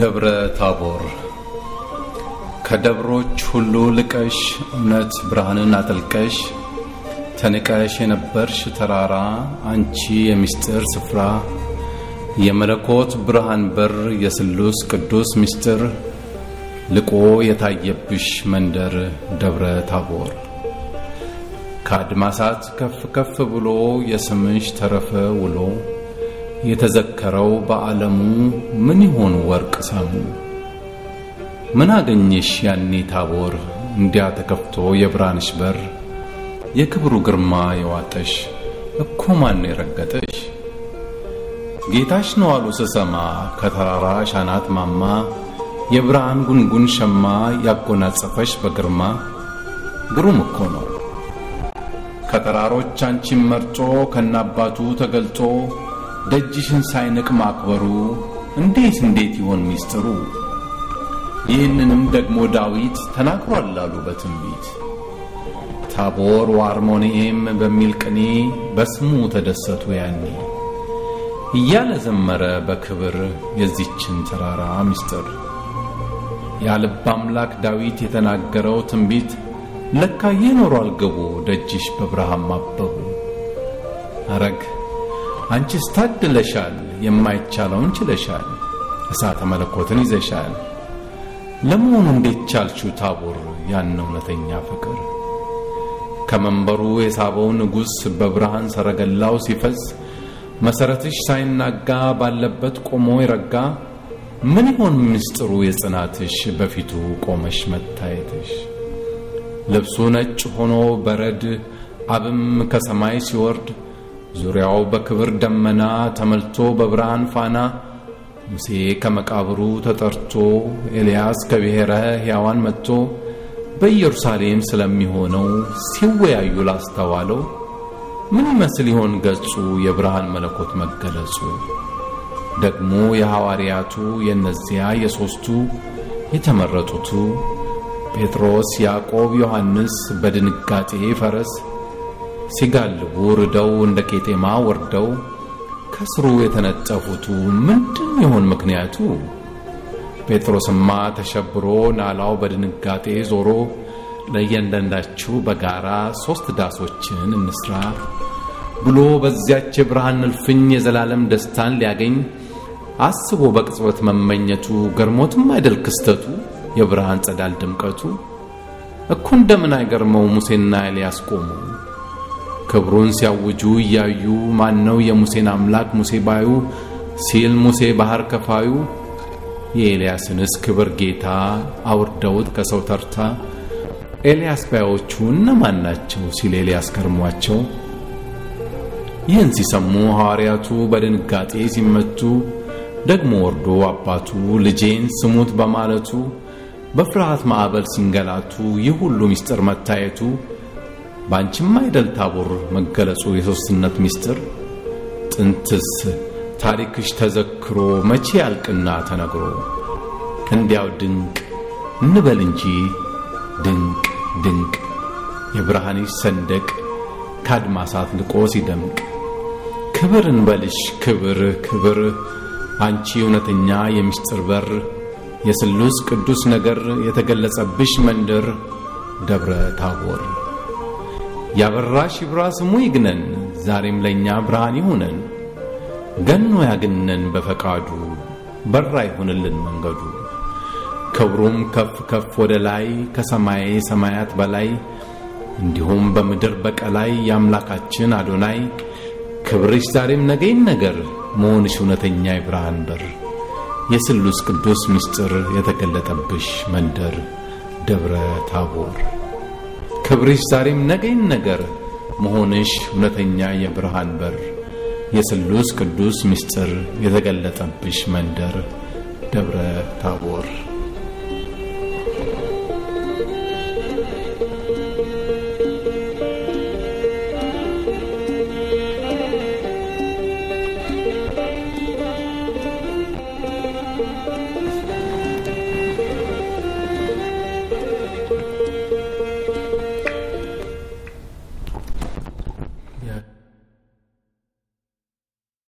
ደብረ ታቦር ከደብሮች ሁሉ ልቀሽ እውነት ብርሃንን አጥልቀሽ ተንቀሽ የነበርሽ ተራራ አንቺ የሚስጥር ስፍራ የመለኮት ብርሃን በር የስሉስ ቅዱስ ምስጢር ልቆ የታየብሽ መንደር ደብረ ታቦር ከአድማሳት ከፍ ከፍ ብሎ የስምሽ ተረፈ ውሎ የተዘከረው በዓለሙ ምን ይሆን ወርቅ ሰሙ? ምን አገኘሽ ያኔ ታቦር እንዲያ ተከፍቶ የብርሃንሽ በር የክብሩ ግርማ የዋጠሽ እኮ ማን የረገጠሽ? ጌታሽ ነው አሉ ስሰማ ከተራራ ሻናት ማማ የብርሃን ጉንጉን ሸማ ያጎናጸፈሽ በግርማ ግሩም እኮ ነው ከተራሮች አንቺም መርጦ ከናባቱ ተገልጦ ደጅሽን ሳይንቅ ማክበሩ እንዴት እንዴት ይሆን ሚስጥሩ? ይህንንም ደግሞ ዳዊት ተናግሯል አሉ በትንቢት ታቦር ዋርሞኒኤም በሚል ቅኔ በስሙ ተደሰቱ ያኔ እያለ ዘመረ በክብር የዚችን ተራራ ምስጢር ያልብ አምላክ ዳዊት የተናገረው ትንቢት ለካ ይኖሯል ግቡ ደጅሽ በብርሃም ማበቡ አረግ አንቺ ስታድለሻል የማይቻለውን ችለሻል፣ እሳተ መለኮትን ይዘሻል። ለመሆኑ እንዴት ቻልችው ታቦር ያን እውነተኛ ፍቅር? ከመንበሩ የሳበው ንጉሥ በብርሃን ሰረገላው ሲፈስ መሰረትሽ ሳይናጋ ባለበት ቆሞ ይረጋ። ምን ይሆን ምስጢሩ የጽናትሽ በፊቱ ቆመሽ መታየትሽ? ልብሱ ነጭ ሆኖ በረድ አብም ከሰማይ ሲወርድ ዙሪያው በክብር ደመና ተመልቶ በብርሃን ፋና ሙሴ ከመቃብሩ ተጠርቶ ኤልያስ ከብሔረ ሕያዋን መጥቶ በኢየሩሳሌም ስለሚሆነው ሲወያዩ ላስተዋለው ምን ይመስል ይሆን ገጹ የብርሃን መለኮት መገለጹ ደግሞ የሐዋርያቱ የእነዚያ የሦስቱ የተመረጡቱ ጴጥሮስ፣ ያዕቆብ፣ ዮሐንስ በድንጋጤ ፈረስ ሲጋልቡ ርደው እንደ ቄጤማ ወርደው ከስሩ የተነጠፉቱ ምንድን ይሆን ምክንያቱ? ጴጥሮስማ ተሸብሮ ናላው በድንጋጤ ዞሮ ለእያንዳንዳችሁ በጋራ ሦስት ዳሶችን እንስራ ብሎ በዚያች የብርሃን እልፍኝ የዘላለም ደስታን ሊያገኝ አስቦ በቅጽበት መመኘቱ ገርሞትም አይደል ክስተቱ የብርሃን ጸዳል ድምቀቱ እኩ እንደምን አይገርመው ሙሴና ኤልያስ ቆሙ ክብሩን ሲያውጁ እያዩ ነው የሙሴን አምላክ ሙሴ ባዩ ሲል ሙሴ ባህር ከፋዩ የኤልያስንስ ክብር ጌታ አውርደውት ከሰው ተርታ ኤልያስ ባዮቹ እነማን ናቸው ሲል ኤልያስ ገርሟቸው ይህን ሲሰሙ ሐዋርያቱ በድንጋጤ ሲመቱ ደግሞ ወርዶ አባቱ ልጄን ስሙት በማለቱ በፍርሃት ማዕበል ሲንገላቱ ይህ ሁሉ ምስጢር መታየቱ በአንቺም አይደል ታቦር መገለጹ የሦስትነት ምስጢር ጥንትስ ታሪክሽ ተዘክሮ መቼ ያልቅና ተነግሮ እንዲያው ድንቅ እንበል እንጂ ድንቅ ድንቅ የብርሃንሽ ሰንደቅ ከአድማሳት ልቆ ሲደምቅ ክብር እንበልሽ ክብር ክብር አንቺ እውነተኛ የምስጢር በር የስሉስ ቅዱስ ነገር የተገለጸብሽ መንደር ደብረ ታቦር ያበራሽ ይብራ ስሙ ይግነን፣ ዛሬም ለእኛ ብርሃን ይሁነን። ገኖ ያግነን በፈቃዱ በራ ይሁንልን መንገዱ። ክብሩም ከፍ ከፍ ወደ ላይ ከሰማይ ሰማያት በላይ እንዲሁም በምድር በቀላይ የአምላካችን አዶናይ ክብርሽ ዛሬም ነገይን ነገር መሆንሽ እውነተኛ የብርሃን በር የስሉስ ቅዱስ ምስጢር የተገለጠብሽ መንደር ደብረ ታቦር ክብርሽ ዛሬም ነገይን ነገር መሆንሽ እውነተኛ የብርሃን በር የስሉስ ቅዱስ ምስጢር የተገለጠብሽ መንደር ደብረ ታቦር